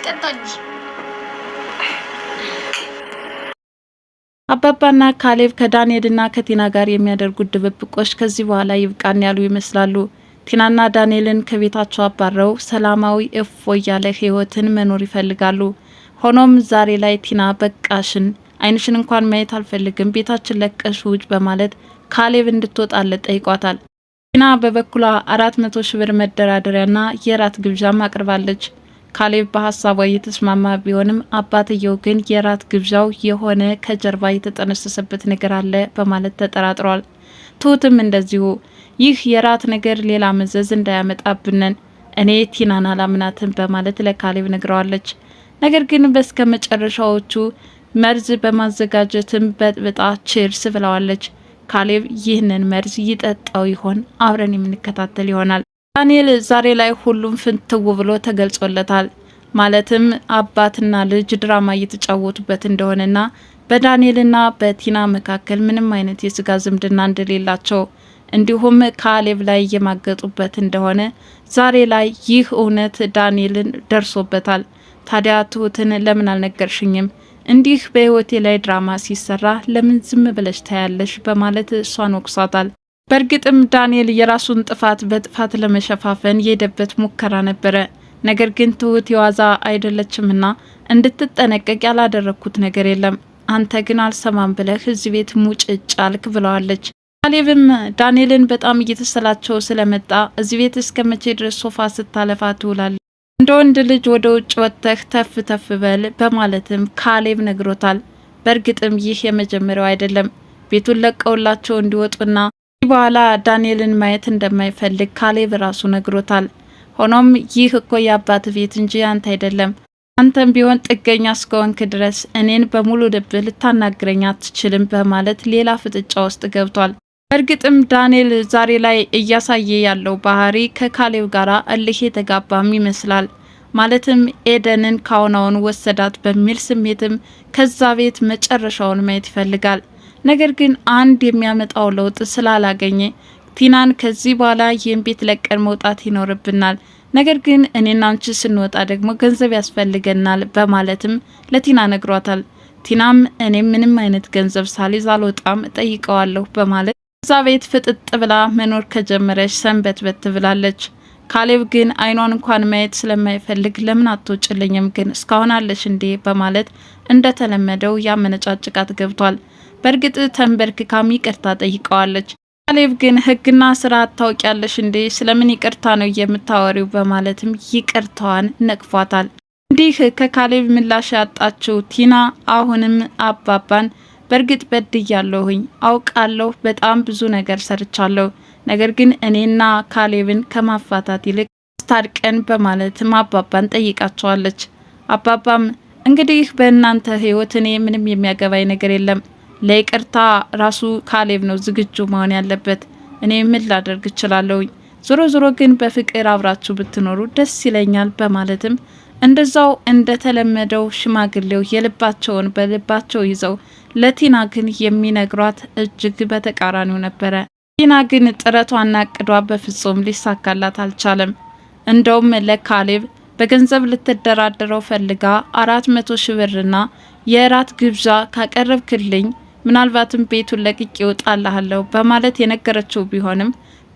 አስቀጣኝ። አባባና ካሌብ ከዳንኤልና ከቲና ጋር የሚያደርጉት ድብብቆች ከዚህ በኋላ ይብቃን ያሉ ይመስላሉ። ቲናና ዳንኤልን ከቤታቸው አባረው ሰላማዊ እፎ እያለ ህይወትን መኖር ይፈልጋሉ። ሆኖም ዛሬ ላይ ቲና በቃሽን፣ አይንሽን እንኳን ማየት አልፈልግም፣ ቤታችን ለቀሽ ውጭ በማለት ካሌብ እንድትወጣለ ጠይቋታል። ቲና በበኩሏ አራት መቶ ሺ ብር መደራደሪያና የራት ግብዣም አቅርባለች። ካሌብ በሀሳቧ እየተስማማ ቢሆንም አባትየው ግን የራት ግብዣው የሆነ ከጀርባ የተጠነሰሰበት ነገር አለ በማለት ተጠራጥሯል። ትሁትም እንደዚሁ ይህ የራት ነገር ሌላ መዘዝ እንዳያመጣብነን እኔ ቲናን አላምናትን በማለት ለካሌብ ነግረዋለች። ነገር ግን በስከ መጨረሻዎቹ መርዝ በማዘጋጀትም በጥብጣ ችርስ ብለዋለች። ካሌብ ይህንን መርዝ ይጠጣው ይሆን? አብረን የምንከታተል ይሆናል። ዳንኤል ዛሬ ላይ ሁሉም ፍንትው ብሎ ተገልጾለታል። ማለትም አባትና ልጅ ድራማ እየተጫወቱበት እንደሆነና በዳንኤልና በቲና መካከል ምንም አይነት የስጋ ዝምድና እንደሌላቸው እንዲሁም ከአሌብ ላይ እየማገጡበት እንደሆነ ዛሬ ላይ ይህ እውነት ዳንኤልን ደርሶበታል። ታዲያ ትሁትን ለምን አልነገርሽኝም? እንዲህ በህይወቴ ላይ ድራማ ሲሰራ ለምን ዝም ብለሽ ታያለሽ? በማለት እሷን ወቅሷታል። በእርግጥም ዳንኤል የራሱን ጥፋት በጥፋት ለመሸፋፈን የሄደበት ሙከራ ነበረ። ነገር ግን ትሁት የዋዛ አይደለችምና እንድትጠነቀቅ ያላደረግኩት ነገር የለም፣ አንተ ግን አልሰማም ብለህ እዚህ ቤት ሙጭጭ አልክ ብለዋለች። ካሌብም ዳንኤልን በጣም እየተሰላቸው ስለመጣ እዚህ ቤት እስከ መቼ ድረስ ሶፋ ስታለፋ ትውላለ እንደ ወንድ ልጅ ወደ ውጭ ወጥተህ ተፍ ተፍ በል በማለትም ካሌብ ነግሮታል። በእርግጥም ይህ የመጀመሪያው አይደለም። ቤቱን ለቀውላቸው እንዲወጡና በኋላ ዳንኤልን ማየት እንደማይፈልግ ካሌብ ራሱ ነግሮታል። ሆኖም ይህ እኮ የአባት ቤት እንጂ አንተ አይደለም። አንተም ቢሆን ጥገኛ እስከሆንክ ድረስ እኔን በሙሉ ልብህ ልታናግረኝ አትችልም በማለት ሌላ ፍጥጫ ውስጥ ገብቷል። እርግጥም ዳንኤል ዛሬ ላይ እያሳየ ያለው ባህሪ ከካሌብ ጋር እልህ የተጋባም ይመስላል። ማለትም ኤደንን ካሁናውን ወሰዳት በሚል ስሜትም ከዛ ቤት መጨረሻውን ማየት ይፈልጋል። ነገር ግን አንድ የሚያመጣው ለውጥ ስላላገኘ ቲናን ከዚህ በኋላ ይህን ቤት ለቀን መውጣት ይኖርብናል፣ ነገር ግን እኔና አንቺ ስንወጣ ደግሞ ገንዘብ ያስፈልገናል በማለትም ለቲና ነግሯታል። ቲናም እኔ ምንም አይነት ገንዘብ ሳልይዝ አልወጣም ጠይቀዋለሁ በማለት እዛ ቤት ፍጥጥ ብላ መኖር ከጀመረች ሰንበት በት ብላለች። ካሌብ ግን አይኗን እንኳን ማየት ስለማይፈልግ ለምን አትወጭልኝም ግን እስካሁን አለሽ እንዴ በማለት እንደተለመደው ያመነጫጭቃት ገብቷል። በእርግጥ ተንበርክካም ይቅርታ ጠይቀዋለች። ካሌብ ግን ህግና ስርዓት ታውቂያለሽ እንዴ? ስለምን ይቅርታ ነው የምታወሪው? በማለትም ይቅርታዋን ነቅፏታል። እንዲህ ከካሌብ ምላሽ ያጣችው ቲና አሁንም አባባን በእርግጥ በድያለሁኝ፣ አውቃለሁ፣ በጣም ብዙ ነገር ሰርቻለሁ። ነገር ግን እኔና ካሌብን ከማፋታት ይልቅ አስታርቀን በማለትም አባባን ጠይቃቸዋለች። አባባም እንግዲህ በእናንተ ህይወት እኔ ምንም የሚያገባኝ ነገር የለም ለይቅርታ ራሱ ካሌብ ነው ዝግጁ መሆን ያለበት። እኔ ምን ላደርግ እችላለሁኝ? ዞሮ ዞሮ ግን በፍቅር አብራችሁ ብትኖሩ ደስ ይለኛል በማለትም እንደዛው እንደተለመደው ሽማግሌው የልባቸውን በልባቸው ይዘው ለቲና ግን የሚነግሯት እጅግ በተቃራኒው ነበረ። ቲና ግን ጥረቷና እቅዷ በፍጹም ሊሳካላት አልቻለም። እንደውም ለካሌብ በገንዘብ ልትደራደረው ፈልጋ አራት መቶ ሺህ ብርና የእራት ግብዣ ካቀረብክልኝ ምናልባትም ቤቱን ለቅቄ እወጣልሃለሁ በማለት የነገረችው ቢሆንም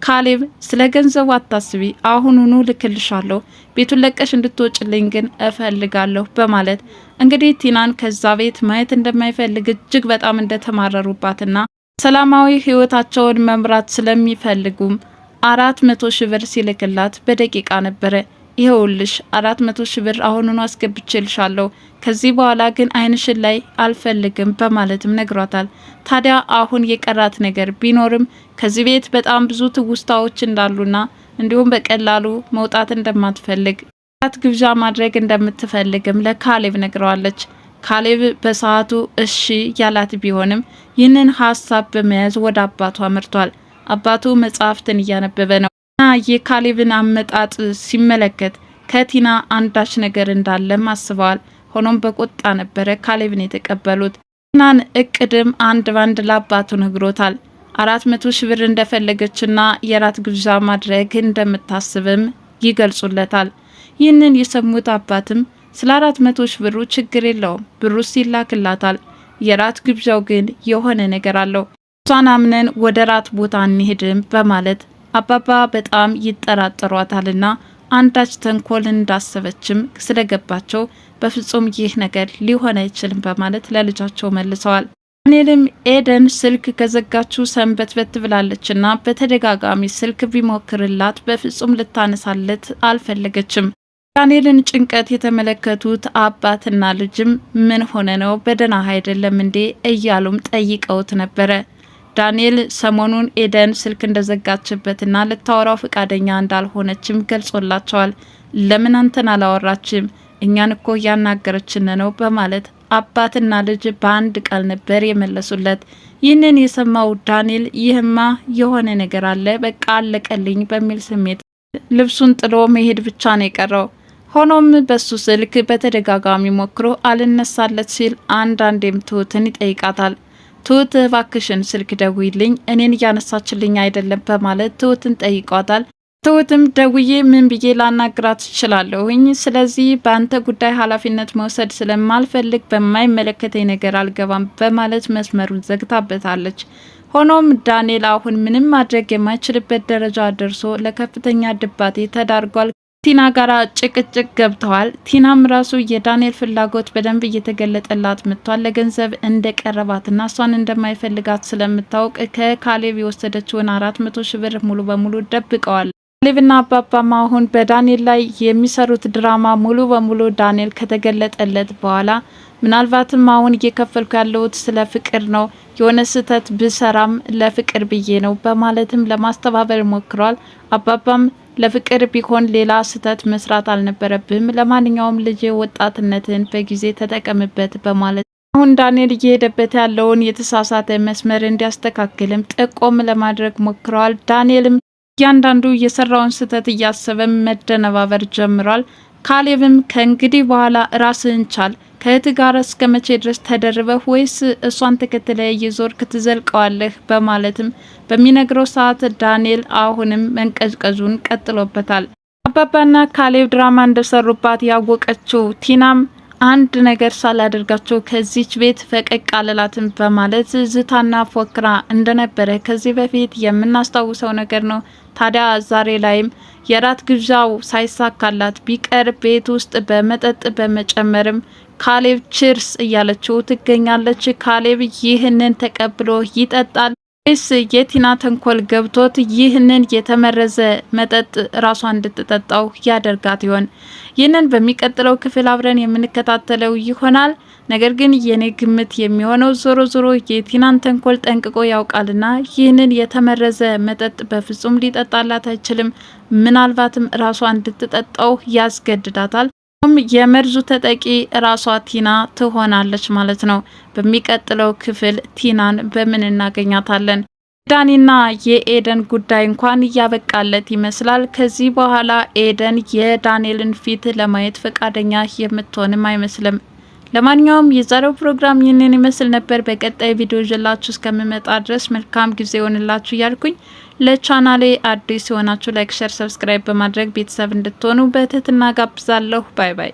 ካሌብ ስለ ገንዘቡ አታስቢ፣ አሁኑኑ ልክልሻለሁ፣ ቤቱን ለቀሽ እንድትወጭልኝ ግን እፈልጋለሁ በማለት እንግዲህ ቲናን ከዛ ቤት ማየት እንደማይፈልግ እጅግ በጣም እንደተማረሩባትና ሰላማዊ ህይወታቸውን መምራት ስለሚፈልጉም አራት መቶ ሺህ ብር ሲልክላት በደቂቃ ነበረ ይኸውልሽ አራት መቶ ሺ ብር አሁኑኑ አስገብቼልሻለሁ ከዚህ በኋላ ግን አይንሽን ላይ አልፈልግም በማለትም ነግሯታል። ታዲያ አሁን የቀራት ነገር ቢኖርም ከዚህ ቤት በጣም ብዙ ትውስታዎች እንዳሉና እንዲሁም በቀላሉ መውጣት እንደማትፈልግ ራት ግብዣ ማድረግ እንደምትፈልግም ለካሌብ ነግረዋለች። ካሌብ በሰዓቱ እሺ ያላት ቢሆንም ይህንን ሀሳብ በመያዝ ወደ አባቱ አምርቷል። አባቱ መጽሐፍትን እያነበበ ነው። እና የካሌብን አመጣጥ ሲመለከት ከቲና አንዳች ነገር እንዳለም አስበዋል። ሆኖም በቁጣ ነበረ ካሌብን የተቀበሉት። ቲናን እቅድም አንድ ባንድ ለአባቱ ነግሮታል። አራት መቶ ሺህ ብር እንደፈለገችና የራት ግብዣ ማድረግ እንደምታስብም ይገልጹለታል። ይህንን የሰሙት አባትም ስለ አራት መቶ ሺህ ብሩ ችግር የለውም ብሩስ ይላክላታል። የራት ግብዣው ግን የሆነ ነገር አለው። እሷን አምነን ወደ ራት ቦታ እንሄድም በማለት አባባ በጣም ይጠራጠሯታልና አንዳች ተንኮል እንዳሰበችም ስለገባቸው በፍጹም ይህ ነገር ሊሆን አይችልም በማለት ለልጃቸው መልሰዋል። ዳንኤልም ኤደን ስልክ ከዘጋችሁ ሰንበትበት ብላለችና በተደጋጋሚ ስልክ ቢሞክርላት በፍጹም ልታነሳለት አልፈለገችም። ዳንኤልን ጭንቀት የተመለከቱት አባትና ልጅም ምን ሆነ ነው በደህና አይደለም እንዴ እያሉም ጠይቀውት ነበረ። ዳንኤል ሰሞኑን ኤደን ስልክ እንደዘጋችበትና ልታወራው ፈቃደኛ እንዳልሆነችም ገልጾላቸዋል። ለምን አንተን አላወራችም? እኛን እኮ እያናገረችን ነው በማለት አባትና ልጅ በአንድ ቃል ነበር የመለሱለት። ይህንን የሰማው ዳንኤል ይህማ የሆነ ነገር አለ፣ በቃ አለቀልኝ በሚል ስሜት ልብሱን ጥሎ መሄድ ብቻ ነው የቀረው። ሆኖም በሱ ስልክ በተደጋጋሚ ሞክሮ አልነሳለት ሲል አንዳንዴም ትሁትን ይጠይቃታል። ትሁት እባክሽን ስልክ ደውይልኝ፣ እኔን እያነሳችልኝ አይደለም በማለት ትሁትን ጠይቋታል። ትሁትም ደውዬ ምን ብዬ ላናግራት እችላለሁኝ? ስለዚህ በአንተ ጉዳይ ኃላፊነት መውሰድ ስለማልፈልግ በማይመለከተኝ ነገር አልገባም በማለት መስመሩን ዘግታበታለች። ሆኖም ዳንኤል አሁን ምንም ማድረግ የማይችልበት ደረጃ ደርሶ ለከፍተኛ ድባቴ ተዳርጓል። ቲና ጋራ ጭቅጭቅ ገብተዋል። ቲናም ራሱ የዳንኤል ፍላጎት በደንብ እየተገለጠላት መጥቷል። ለገንዘብ እንደቀረባትና እሷን እንደማይፈልጋት ስለምታውቅ ከካሌብ የወሰደችውን አራት መቶ ሺ ብር ሙሉ በሙሉ ደብቀዋል። ካሌብና አባባም አሁን በዳንኤል ላይ የሚሰሩት ድራማ ሙሉ በሙሉ ዳንኤል ከተገለጠለት በኋላ ምናልባትም አሁን እየከፈልኩ ያለሁት ስለ ፍቅር ነው፣ የሆነ ስህተት ብሰራም ለፍቅር ብዬ ነው በማለትም ለማስተባበር ሞክሯል። አባባም ለፍቅር ቢሆን ሌላ ስህተት መስራት አልነበረብም። ለማንኛውም ልጅ ወጣትነትን በጊዜ ተጠቀምበት በማለት አሁን ዳንኤል እየሄደበት ያለውን የተሳሳተ መስመር እንዲያስተካክልም ጥቆም ለማድረግ ሞክረዋል። ዳንኤልም እያንዳንዱ የሰራውን ስህተት እያሰበ መደነባበር ጀምሯል። ካሌብም ከእንግዲህ በኋላ ራስህን ቻል ከእህት ጋር እስከ መቼ ድረስ ተደርበህ ወይስ እሷን ተከትለ እየዞርክ ክትዘልቀዋለህ? በማለትም በሚነግረው ሰዓት ዳንኤል አሁንም መንቀዝቀዙን ቀጥሎበታል። አባባና ካሌብ ድራማ እንደሰሩባት ያወቀችው ቲናም አንድ ነገር ሳላደርጋቸው ከዚች ቤት ፈቀቅ አልላትም በማለት ዝታና ፎክራ እንደነበረ ከዚህ በፊት የምናስታውሰው ነገር ነው። ታዲያ ዛሬ ላይም የራት ግብዣው ሳይሳካላት ቢቀር ቤት ውስጥ በመጠጥ በመጨመርም ካሌብ ችርስ እያለችው ትገኛለች። ካሌብ ይህንን ተቀብሎ ይጠጣል። ስ የቲና ተንኮል ገብቶት ይህንን የተመረዘ መጠጥ ራሷ እንድትጠጣው ያደርጋት ይሆን? ይህንን በሚቀጥለው ክፍል አብረን የምንከታተለው ይሆናል። ነገር ግን የኔ ግምት የሚሆነው ዞሮ ዞሮ የቲናን ተንኮል ጠንቅቆ ያውቃልና ይህንን የተመረዘ መጠጥ በፍጹም ሊጠጣላት አይችልም። ምናልባትም ራሷ እንድትጠጣው ያስገድዳታል። የመርዙ ተጠቂ ራሷ ቲና ትሆናለች ማለት ነው። በሚቀጥለው ክፍል ቲናን በምን እናገኛታለን? ዳኒና የኤደን ጉዳይ እንኳን እያበቃለት ይመስላል። ከዚህ በኋላ ኤደን የዳንኤልን ፊት ለማየት ፈቃደኛ የምትሆንም አይመስልም። ለማንኛውም የዛሬው ፕሮግራም ይህንን ይመስል ነበር። በቀጣይ ቪዲዮ ይዤላችሁ እስከምመጣ ድረስ መልካም ጊዜ ይሆንላችሁ እያልኩኝ ለቻናሌ አዲስ የሆናችሁ ላይክ፣ ሸር፣ ሰብስክራይብ በማድረግ ቤተሰብ እንድትሆኑ በትህትና ጋብዛለሁ። ባይ ባይ።